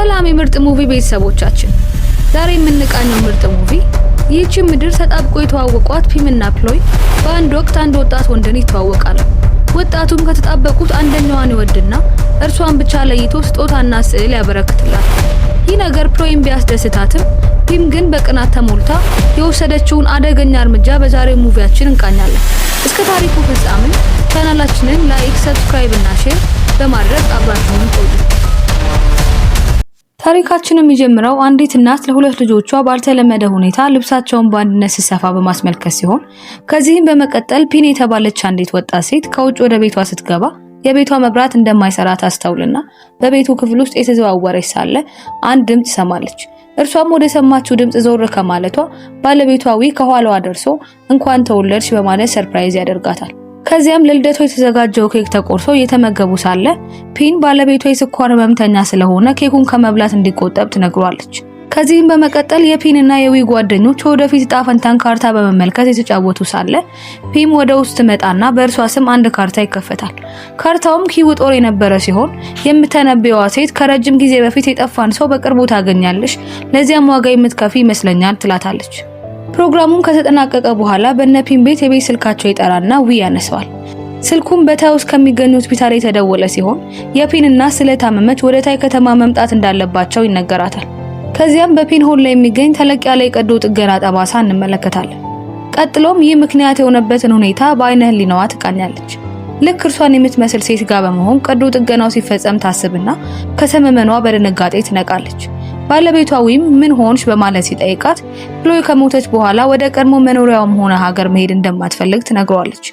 ሰላም የምርጥ ሙቪ ቤተሰቦቻችን፣ ዛሬ የምንቃኘው ምርጥ ሙቪ ይህቺ ምድር ተጣብቆ የተዋወቋት ፒምና ፕሎይ በአንድ ወቅት አንድ ወጣት ወንድን ይተዋወቃሉ። ወጣቱም ከተጣበቁት አንደኛዋን ይወድና እርሷን ብቻ ለይቶ ስጦታና ስዕል ያበረክትላል። ይህ ነገር ፕሎይም ቢያስደስታትም ፒም ግን በቅናት ተሞልታ የወሰደችውን አደገኛ እርምጃ በዛሬው ሙቪያችን እንቃኛለን። እስከ ታሪኩ ፍጻሜ ቻናላችንን ላይክ፣ ሰብስክራይብ እና ሼር በማድረግ አብራችሁን ቆዩ። ታሪካችን የሚጀምረው አንዲት እናት ለሁለት ልጆቿ ባልተለመደ ሁኔታ ልብሳቸውን በአንድነት ስትሰፋ በማስመልከት ሲሆን ከዚህም በመቀጠል ፒን የተባለች አንዲት ወጣት ሴት ከውጭ ወደ ቤቷ ስትገባ የቤቷ መብራት እንደማይሰራ ታስተውልና በቤቱ ክፍል ውስጥ የተዘዋወረች ሳለ አንድ ድምፅ ሰማለች። እርሷም ወደ ሰማችው ድምፅ ዞር ከማለቷ ባለቤቷዊ ከኋላዋ ደርሶ እንኳን ተወለድሽ በማለት ሰርፕራይዝ ያደርጋታል። ከዚያም ለልደቱ የተዘጋጀው ኬክ ተቆርሶ እየተመገቡ ሳለ ፒን ባለቤቷ የስኳር ህመምተኛ ስለሆነ ኬኩን ከመብላት እንዲቆጠብ ትነግሯለች። ከዚህም በመቀጠል የፒንና የዊ ጓደኞች ወደፊት ዕጣ ፈንታን ካርታ በመመልከት የተጫወቱ ሳለ ፒም ወደ ውስጥ መጣና በእርሷ ስም አንድ ካርታ ይከፈታል። ካርታውም ኪው ጦር የነበረ ሲሆን የምተነበየዋ ሴት ከረጅም ጊዜ በፊት የጠፋን ሰው በቅርቡ ታገኛለሽ፣ ለዚያም ዋጋ የምትከፊ ይመስለኛል ትላታለች። ፕሮግራሙም ከተጠናቀቀ በኋላ በነፒን ቤት የቤት ስልካቸው ይጠራና ዊ ያነሰዋል። ስልኩም በታይ ውስጥ ከሚገኙ ሆስፒታል የተደወለ ሲሆን የፒንና ስለታመመች ወደ ታይ ከተማ መምጣት እንዳለባቸው ይነገራታል። ከዚያም በፒን ሆል ላይ የሚገኝ ተለቅ ያለ የቀዶ ጥገና ጠባሳ እንመለከታለን። ቀጥሎም ይህ ምክንያት የሆነበትን ሁኔታ በአይነ ህሊናዋ ትቃኛለች። ልክ እርሷን የምትመስል ሴት ጋር በመሆን ቀዶ ጥገናው ሲፈጸም ታስብና ከተመመኗ በድንጋጤ ትነቃለች። ባለቤቷ ዊም ምን ሆንሽ በማለት ሲጠይቃት ክሎይ ከሞተች በኋላ ወደ ቀድሞ መኖሪያውም ሆነ ሀገር መሄድ እንደማትፈልግ ትነግሯለች።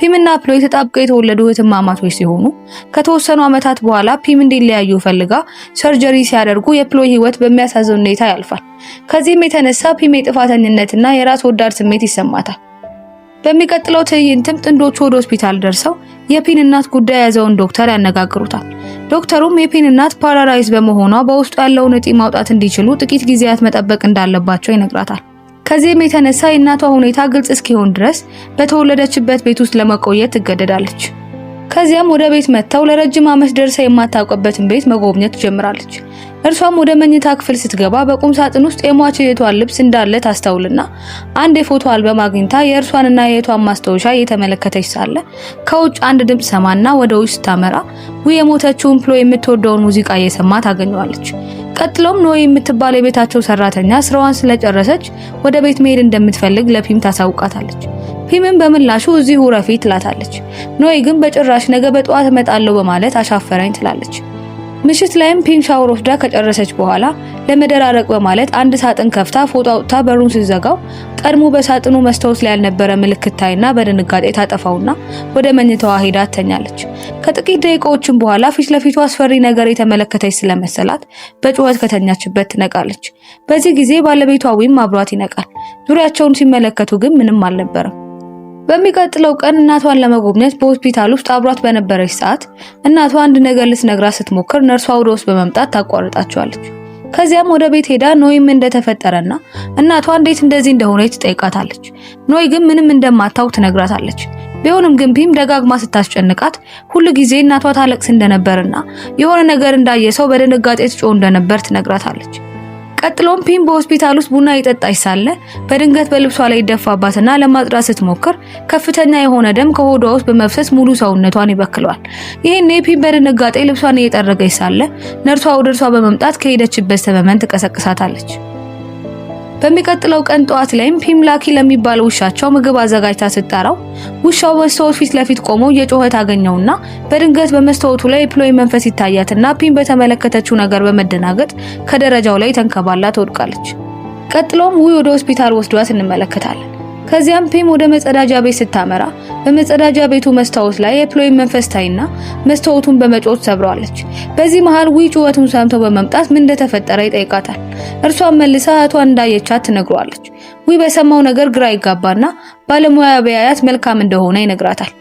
ፒምና ፕሎይ ተጣብቀው የተወለዱ እህትማማቾች ሲሆኑ ከተወሰኑ ዓመታት በኋላ ፒም እንዲለያዩ ፈልጋ ሰርጀሪ ሲያደርጉ የፕሎይ ህይወት በሚያሳዝን ሁኔታ ያልፋል። ከዚህም የተነሳ ፒም የጥፋተኝነትና የራስ ወዳድ ስሜት ይሰማታል። በሚቀጥለው ትዕይንትም ጥንዶቹ ወደ ሆስፒታል ደርሰው የፔን እናት ጉዳይ የያዘውን ዶክተር ያነጋግሩታል። ዶክተሩም የፒን እናት ፓራላይዝ በመሆኗ በውስጡ ያለውን እጢ ማውጣት እንዲችሉ ጥቂት ጊዜያት መጠበቅ እንዳለባቸው ይነግራታል። ከዚህም የተነሳ የእናቷ ሁኔታ ግልጽ እስኪሆን ድረስ በተወለደችበት ቤት ውስጥ ለመቆየት ትገደዳለች። ከዚያም ወደ ቤት መጥተው ለረጅም ዓመት ደርሳ የማታውቅበትን ቤት መጎብኘት ትጀምራለች። እርሷም ወደ መኝታ ክፍል ስትገባ በቁም ሳጥን ውስጥ የሟች እህቷን ልብስ እንዳለ ታስተውልና አንድ የፎቶ አልበም አግኝታ የእርሷንና የእህቷን ማስታወሻ እየተመለከተች ሳለ ከውጭ አንድ ድምፅ ሰማና ወደ ውጭ ስታመራ ዊ የሞተችውን ፕሎ የምትወደውን ሙዚቃ እየሰማ ታገኘዋለች። ቀጥሎም ኖይ የምትባል የቤታቸው ሰራተኛ ስራዋን ስለጨረሰች ወደ ቤት መሄድ እንደምትፈልግ ለፒም ታሳውቃታለች። ፊምን በምላሹ እዚሁ ረፊ ትላታለች። ኖይ ግን በጭራሽ ነገ በጠዋት እመጣለሁ በማለት አሻፈረኝ ትላለች። ምሽት ላይም ፒም ሻወር ወስዳ ከጨረሰች በኋላ ለመደራረቅ በማለት አንድ ሳጥን ከፍታ ፎጣ አውጥታ በሩን ስትዘጋው ቀድሞ በሳጥኑ መስታወት ላይ ያልነበረ ምልክት ታይና በድንጋጤ ታጠፋውና ወደ መኝታዋ ሄዳ ትተኛለች። ከጥቂት ደቂቃዎችም በኋላ ፊት ለፊቱ አስፈሪ ነገር የተመለከተች ስለመሰላት በጩኸት ከተኛችበት ትነቃለች። በዚህ ጊዜ ባለቤቷ ዊም አብሯት ይነቃል። ዙሪያቸውን ሲመለከቱ ግን ምንም አልነበረም። በሚቀጥለው ቀን እናቷን ለመጎብኘት በሆስፒታል ውስጥ አብሯት በነበረች ሰዓት እናቷ አንድ ነገር ልትነግራት ስትሞክር ነርሷ ወደ ውስጥ በመምጣት ታቋርጣቸዋለች። ከዚያም ወደ ቤት ሄዳ ኖይም እንደተፈጠረና እናቷ እንዴት እንደዚህ እንደሆነ ትጠይቃታለች። ኖይ ግን ምንም እንደማታውቅ ትነግራታለች። ቢሆንም ግን ፒም ደጋግማ ስታስጨንቃት ሁል ጊዜ እናቷ ታለቅስ እንደነበርና የሆነ ነገር እንዳየ ሰው በድንጋጤ ትጮህ እንደነበር ትነግራታለች። ቀጥሎም ፒም በሆስፒታል ውስጥ ቡና እየጠጣች ሳለ በድንገት በልብሷ ላይ ይደፋባትና ለማጽዳት ስትሞክር ከፍተኛ የሆነ ደም ከሆዷ ውስጥ በመፍሰስ ሙሉ ሰውነቷን ይበክለዋል። ይህን ፒም በድንጋጤ ልብሷን እየጠረገች ሳለ ነርሷ ወደ እርሷ በመምጣት ከሄደችበት ሰመመን ትቀሰቅሳታለች። በሚቀጥለው ቀን ጠዋት ላይም ፒም ላኪ ለሚባል ውሻቸው ምግብ አዘጋጅታ ስጠራው ውሻው በሰዎች ፊት ለፊት ቆሞ እየጮኸ ታገኘውና በድንገት በመስታወቱ ላይ የፕሎይ መንፈስ ይታያትና ፒም በተመለከተችው ነገር በመደናገጥ ከደረጃው ላይ ተንከባላ ትወድቃለች። ቀጥሎም ውይ ወደ ሆስፒታል ወስዷት እንመለከታለን። ከዚያም ፔም ወደ መጸዳጃ ቤት ስታመራ በመጸዳጃ ቤቱ መስታወት ላይ የፕሎይን መንፈስ ታይና መስታወቱን በመጮት ሰብረዋለች። በዚህ መሃል ዊ ጩኸቱን ሰምቶ በመምጣት ምን እንደተፈጠረ ይጠይቃታል። እርሷን መልሳ አቷ እንዳየቻት ትነግሯለች። ዊ በሰማው ነገር ግራ ይጋባና ባለሙያ በያያት መልካም እንደሆነ ይነግራታል።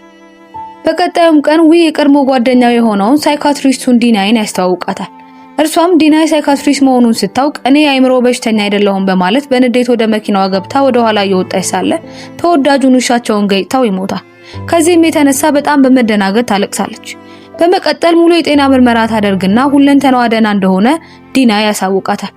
በቀጣዩም ቀን ዊ የቀድሞ ጓደኛው የሆነውን ሳይካትሪስቱን ዲናይን ያስተዋውቃታል። እርሷም ዲና ሳይካትሪስ መሆኑን ስታውቅ እኔ የአይምሮ በሽተኛ አይደለሁም በማለት በንዴት ወደ መኪናዋ ገብታ ወደ ኋላ እየወጣች ሳለ ተወዳጁን ውሻቸውን ገጭታው ይሞታል። ከዚህም የተነሳ በጣም በመደናገጥ ታለቅሳለች። በመቀጠል ሙሉ የጤና ምርመራ ታደርግና ሁለንተናዋ ደህና እንደሆነ ዲና ያሳውቃታል።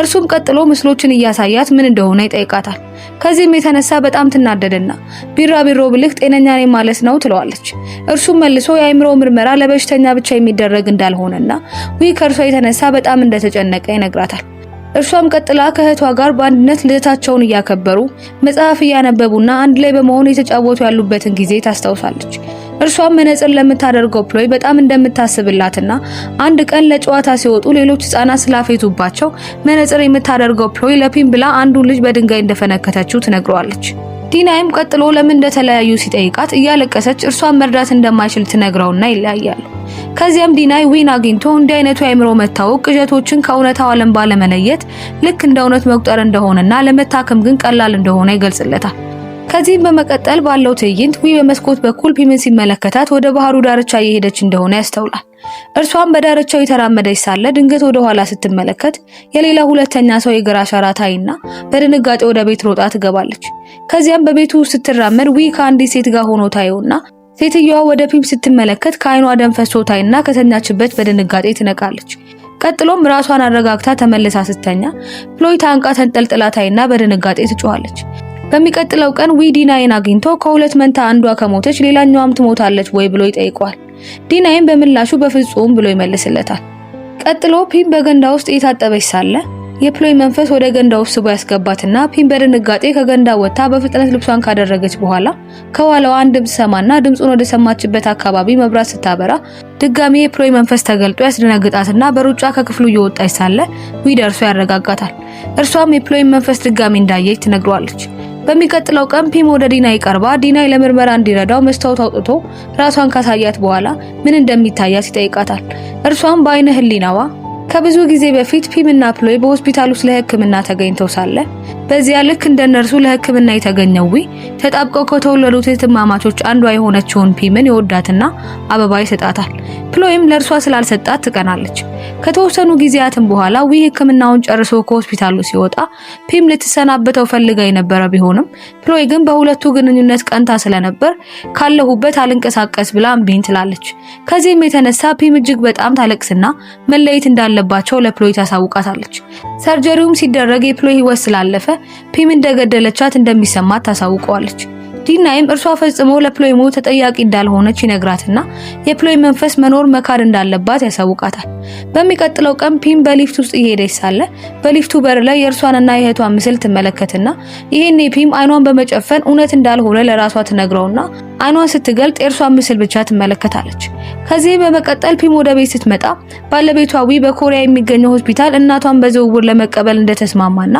እርሱም ቀጥሎ ምስሎችን እያሳያት ምን እንደሆነ ይጠይቃታል። ከዚህም የተነሳ በጣም ትናደድና ቢራቢሮ ብልህ ጤነኛ ነኝ ማለት ነው ትለዋለች። እርሱም መልሶ የአእምሮ ምርመራ ለበሽተኛ ብቻ የሚደረግ እንዳልሆነና ውይ ከእርሷ የተነሳ በጣም እንደተጨነቀ ይነግራታል። እርሷም ቀጥላ ከእህቷ ጋር በአንድነት ልደታቸውን እያከበሩ መጽሐፍ እያነበቡና አንድ ላይ በመሆን የተጫወቱ ያሉበትን ጊዜ ታስታውሳለች። እርሷም መነጽር ለምታደርገው ፕሎይ በጣም እንደምታስብላትና አንድ ቀን ለጨዋታ ሲወጡ ሌሎች ህጻናት ስላፌቱባቸው መነጽር የምታደርገው ፕሎይ ለፒም ብላ አንዱን ልጅ በድንጋይ እንደፈነከተችው ትነግረዋለች። ዲናይም ቀጥሎ ለምን እንደተለያዩ ሲጠይቃት እያለቀሰች እርሷን መርዳት እንደማይችል ትነግረውና ይለያያሉ። ከዚያም ዲናይ ዊን አግኝቶ እንዲህ አይነቱ የአእምሮ መታወቅ ቅዠቶችን ከእውነታው ዓለም ባለመለየት ልክ እንደ እውነት መቁጠር እንደሆነና ለመታከም ግን ቀላል እንደሆነ ይገልጽለታል። ከዚህም በመቀጠል ባለው ትዕይንት ዊ በመስኮት በኩል ፒምን ሲመለከታት ወደ ባህሩ ዳርቻ እየሄደች እንደሆነ ያስተውላል። እርሷም በዳርቻው የተራመደች ሳለ ድንገት ወደ ኋላ ስትመለከት የሌላ ሁለተኛ ሰው የግራ አሻራ ታይና በድንጋጤ ወደ ቤት ሮጣ ትገባለች። ከዚያም በቤቱ ስትራመድ ዊ ከአንዲት ሴት ጋር ሆኖ ታየውና ሴትየዋ ወደ ፒም ስትመለከት ከአይኗ ደም ፈሶ ታይና ከተኛችበት በድንጋጤ ትነቃለች። ቀጥሎም ራሷን አረጋግታ ተመልሳ ስተኛ ፕሎይ ታንቃ ተንጠልጥላ ታይና በድንጋጤ ትጮኻለች። በሚቀጥለው ቀን ዊ ዲናይን አግኝቶ ከሁለት መንታ አንዷ ከሞተች ሌላኛዋም ትሞታለች ወይ ብሎ ይጠይቋል። ዲናይን በምላሹ በፍጹም ብሎ ይመልስለታል። ቀጥሎ ፒም በገንዳ ውስጥ እየታጠበች ሳለ የፕሎይ መንፈስ ወደ ገንዳ ውስጥ ስቦ ያስገባትና ፒም በድንጋጤ ከገንዳ ወጥታ በፍጥነት ልብሷን ካደረገች በኋላ ከኋላዋ አንድ ድምፅ ሰማና ድምፁን ወደ ሰማችበት አካባቢ መብራት ስታበራ ድጋሚ የፕሎይ መንፈስ ተገልጦ ያስደነግጣትና በሩጫ ከክፍሉ እየወጣች ሳለ ዊ ደርሶ ያረጋጋታል። እርሷም የፕሎይ መንፈስ ድጋሚ እንዳየች ትነግሯለች። በሚቀጥለው ቀን ፒም ወደ ዲናይ ቀርባ ዲናይ ለምርመራ እንዲረዳው መስታወት አውጥቶ ራሷን ካሳያት በኋላ ምን እንደሚታያት ይጠይቃታል። እርሷም በአይነ ህሊናዋ ከብዙ ጊዜ በፊት ፒምና ፕሎይ በሆስፒታል ውስጥ ለሕክምና ተገኝተው ሳለ በዚያ ልክ እንደ እነርሱ ለሕክምና የተገኘው ዊ ተጣብቀው ከተወለዱት እህትማማቾች አንዷ የሆነችውን ፒምን ይወዳትና አበባ ይሰጣታል። ፕሎይም ለእርሷ ስላልሰጣት ትቀናለች። ከተወሰኑ ጊዜያትም በኋላ ዊ ሕክምናውን ጨርሶ ከሆስፒታሉ ሲወጣ ፒም ልትሰናበተው ፈልጋ የነበረ ቢሆንም ፕሎይ ግን በሁለቱ ግንኙነት ቀንታ ስለነበር ካለሁበት አልንቀሳቀስ ብላ እምቢኝ ትላለች። ከዚህም የተነሳ ፒም እጅግ በጣም ታለቅስና መለየት እንዳለ እንዳለባቸው ለፕሎይ ታሳውቃታለች። ሰርጀሪውም ሲደረግ የፕሎይ ህይወት ስላለፈ ፒም እንደገደለቻት እንደሚሰማት ታሳውቀዋለች። ቲናይም እርሷ ፈጽሞ ሞት ተጠያቂ እንዳልሆነች ይነግራትና የፕሎይ መንፈስ መኖር መካድ እንዳለባት ያሳውቃታል። በሚቀጥለው ቀን ፒም በሊፍት ውስጥ እየሄደች ሳለ በሊፍቱ በር ላይ የእርሷንና የእህቷን ምስል ትመለከትና ይሄኔ ፒም አይኗን በመጨፈን እውነት እንዳልሆነ ለራሷ ትነግረውና አይኗን ስትገልጥ የእርሷን ምስል ብቻ ትመለከታለች። ከዚህ በመቀጠል ፒም ወደ ቤት ስትመጣ ባለቤቷ ዊ በኮሪያ የሚገኘው ሆስፒታል እናቷን በዝውውር ለመቀበል እንደተስማማና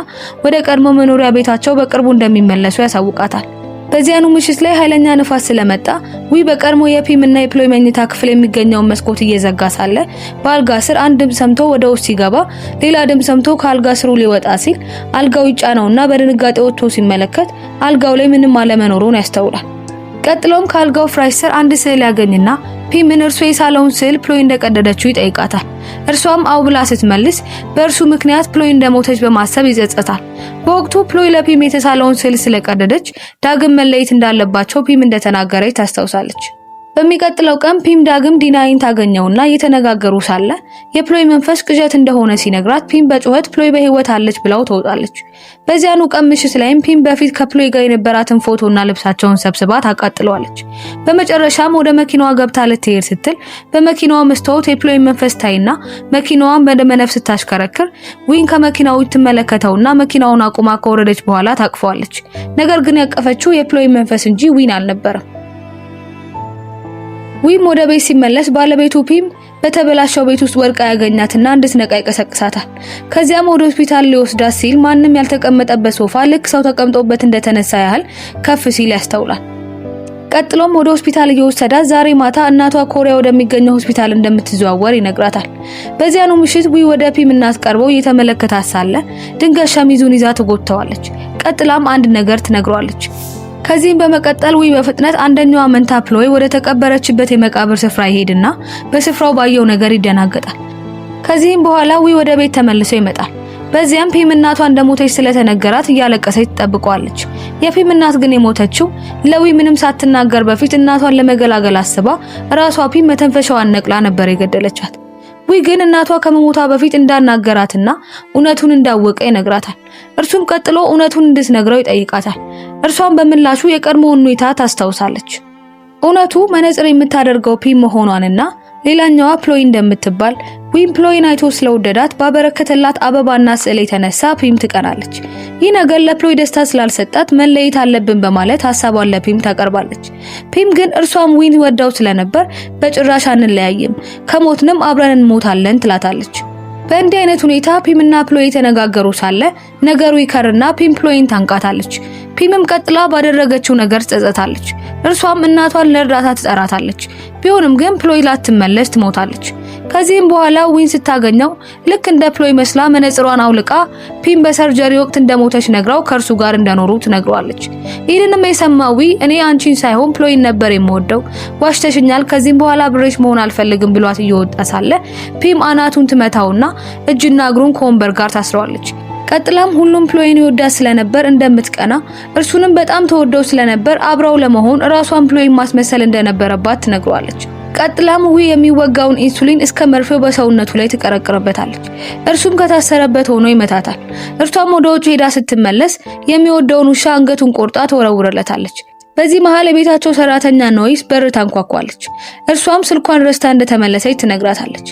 ወደ ቀድሞ መኖሪያ ቤታቸው በቅርቡ እንደሚመለሱ ያሳውቃታል። በዚያኑ ምሽት ላይ ኃይለኛ ንፋስ ስለመጣ ዊ በቀድሞ የፒም እና የፕሎይ መኝታ ክፍል የሚገኘውን መስኮት እየዘጋ ሳለ በአልጋ ስር አንድ ድምፅ ሰምቶ ወደ ውስጥ ሲገባ ሌላ ድምፅ ሰምቶ ከአልጋ ስሩ ሊወጣ ሲል አልጋው ይጫነውና በድንጋጤ ወጥቶ ሲመለከት አልጋው ላይ ምንም አለመኖሩን ያስተውላል። ቀጥሎም ከአልጋው ፍራሽ ስር አንድ ስዕል ያገኝና ፒምን እርሱ የሳለውን ስዕል ፕሎይ እንደቀደደችው ይጠይቃታል። እርሷም አው ብላ ስትመልስ በእርሱ ምክንያት ፕሎይ እንደሞተች በማሰብ ይጸጸታል። በወቅቱ ፕሎይ ለፒም የተሳለውን ስዕል ስለቀደደች ዳግም መለየት እንዳለባቸው ፒም እንደተናገረች ታስታውሳለች። በሚቀጥለው ቀን ፒም ዳግም ዲናይን ታገኘውና እየተነጋገሩ ሳለ የፕሎይ መንፈስ ቅዠት እንደሆነ ሲነግራት ፒም በጩኸት ፕሎይ በህይወት አለች ብላው ተውጣለች። በዚያኑ ቀን ምሽት ላይም ፒም በፊት ከፕሎይ ጋር የነበራትን ፎቶና ልብሳቸውን ሰብስባ ታቃጥለዋለች። በመጨረሻም ወደ መኪናዋ ገብታ ልትሄድ ስትል በመኪናዋ መስታወት የፕሎይ መንፈስ ታይና መኪናዋን በደመነፍስ ስታሽከረክር ዊን ከመኪናው ትመለከተውና መኪናውን አቁማ ከወረደች በኋላ ታቅፈዋለች። ነገር ግን ያቀፈችው የፕሎይ መንፈስ እንጂ ዊን አልነበረም። ዊም ወደ ቤት ሲመለስ ባለቤቱ ፒም በተበላሸው ቤት ውስጥ ወድቃ ያገኛትና እንድትነቃ ይቀሰቅሳታል። ከዚያም ወደ ሆስፒታል ሊወስዳት ሲል ማንም ያልተቀመጠበት ሶፋ ልክ ሰው ተቀምጦበት እንደተነሳ ያህል ከፍ ሲል ያስተውላል። ቀጥሎም ወደ ሆስፒታል እየወሰዳት ዛሬ ማታ እናቷ ኮሪያ ወደሚገኘው ሆስፒታል እንደምትዘዋወር ይነግራታል። በዚያኑ ምሽት ዊ ወደ ፒም እናት ቀርበው እየተመለከታት ሳለ ድንገት ሸሚዙን ይዛ ትጎትተዋለች። ቀጥላም አንድ ነገር ትነግሯለች። ከዚህም በመቀጠል ውይ በፍጥነት አንደኛዋ መንታ ፕሎይ ወደ ተቀበረችበት የመቃብር ስፍራ ይሄድና በስፍራው ባየው ነገር ይደናገጣል። ከዚህም በኋላ ውይ ወደ ቤት ተመልሶ ይመጣል። በዚያም ፒም እናቷ እንደሞተች ስለተነገራት እያለቀሰች ትጠብቀዋለች። የፒም እናት ግን የሞተችው ለዊ ምንም ሳትናገር በፊት እናቷን ለመገላገል አስባ ራሷ ፒም መተንፈሻዋን ነቅላ ነበር የገደለቻት። ዊ ግን እናቷ ከመሞቷ በፊት እንዳናገራትና እውነቱን እንዳወቀ ይነግራታል። እርሱም ቀጥሎ እውነቱን እንድትነግረው ይጠይቃታል። እርሷም በምላሹ የቀድሞውን ሁኔታ ታስታውሳለች። እውነቱ መነጽር የምታደርገው ፒ መሆኗንና ሌላኛዋ ፕሎይ እንደምትባል ዊም ፕሎይን አይቶ ስለወደዳት ባበረከተላት አበባና ስዕል የተነሳ ፒም ትቀናለች። ይህ ነገር ለፕሎይ ደስታ ስላልሰጣት መለየት አለብን በማለት ሀሳቧን ለፒም ታቀርባለች። ፒም ግን እርሷም ዊን ወዳው ስለነበር በጭራሽ አንለያይም፣ ከሞትንም አብረን እንሞታለን ትላታለች። በእንዲህ አይነት ሁኔታ ፒምና ፕሎይ የተነጋገሩ ሳለ ነገሩ ይከርና ፒም ፕሎይን ታንቃታለች። ፒምም ቀጥላ ባደረገችው ነገር ትጸጸታለች። እርሷም እናቷን ለእርዳታ ትጠራታለች። ቢሆንም ግን ፕሎይ ላትመለስ ትሞታለች። ከዚህም በኋላ ዊን ስታገኘው ልክ እንደ ፕሎይ መስላ መነጽሯን አውልቃ ፒም በሰርጀሪ ወቅት እንደሞተች ነግራው ከእርሱ ጋር እንደኖሩ ትነግሯለች ይህንንም የሰማው ዊ እኔ አንቺን ሳይሆን ፕሎይን ነበር የምወደው፣ ዋሽተሽኛል፣ ከዚህም በኋላ ብሬሽ መሆን አልፈልግም ብሏት እየወጣ ሳለ ፒም አናቱን ትመታውና እጅና እግሩን ከወንበር ጋር ታስረዋለች። ቀጥላም ሁሉም ፕሎይን ይወዳ ስለነበር እንደምትቀና እርሱንም በጣም ተወደው ስለነበር አብረው ለመሆን ራሷን ፕሎይን ማስመሰል እንደነበረባት ትነግሯለች። ቀጥላም ውሂ የሚወጋውን ኢንሱሊን እስከ መርፌው በሰውነቱ ላይ ትቀረቅርበታለች። እርሱም ከታሰረበት ሆኖ ይመታታል። እርሷም ወደ ውጭ ሄዳ ስትመለስ የሚወደውን ውሻ አንገቱን ቆርጣ ትወረውረለታለች። በዚህ መሀል የቤታቸው ሰራተኛ ኖይስ በር ታንኳኳለች። እርሷም ስልኳን ረስታ እንደተመለሰች ትነግራታለች።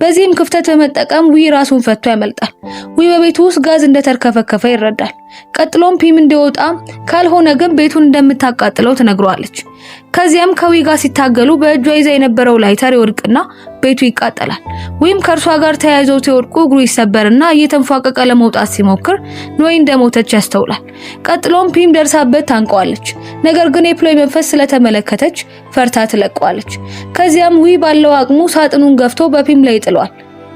በዚህም ክፍተት በመጠቀም ዊ ራሱን ፈቶ ያመልጣል። ዊ በቤቱ ውስጥ ጋዝ እንደተርከፈከፈ ይረዳል። ቀጥሎም ፒም እንዲወጣ ካልሆነ ግን ቤቱን እንደምታቃጥለው ትነግረዋለች። ከዚያም ከዊ ጋር ሲታገሉ በእጇ ይዛ የነበረው ላይተር ይወድቅና ቤቱ ይቃጠላል። ወይም ከእርሷ ጋር ተያይዘው ሲወድቁ እግሩ ይሰበርና እየተንፏቀቀ ለመውጣት ሲሞክር ኖይ እንደሞተች ያስተውላል። ቀጥሎም ፒም ደርሳበት ታንቀዋለች። ነገር ግን የፕሎይ መንፈስ ስለተመለከተች ፈርታ ትለቀዋለች። ከዚያም ዊ ባለው አቅሙ ሳጥኑን ገፍቶ በፒም ላይ ይጥለዋል።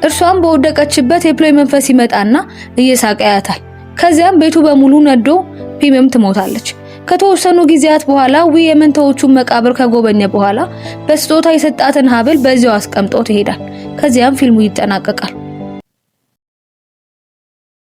እርሷም በወደቀችበት የፕሎይ መንፈስ ይመጣና እየሳቀያታል። ከዚያም ቤቱ በሙሉ ነዶ ፒምም ትሞታለች። ከተወሰኑ ጊዜያት በኋላ ዊ የመንታዎቹን መቃብር ከጎበኘ በኋላ በስጦታ የሰጣትን ሀብል በዚያው አስቀምጦ ይሄዳል። ከዚያም ፊልሙ ይጠናቀቃል።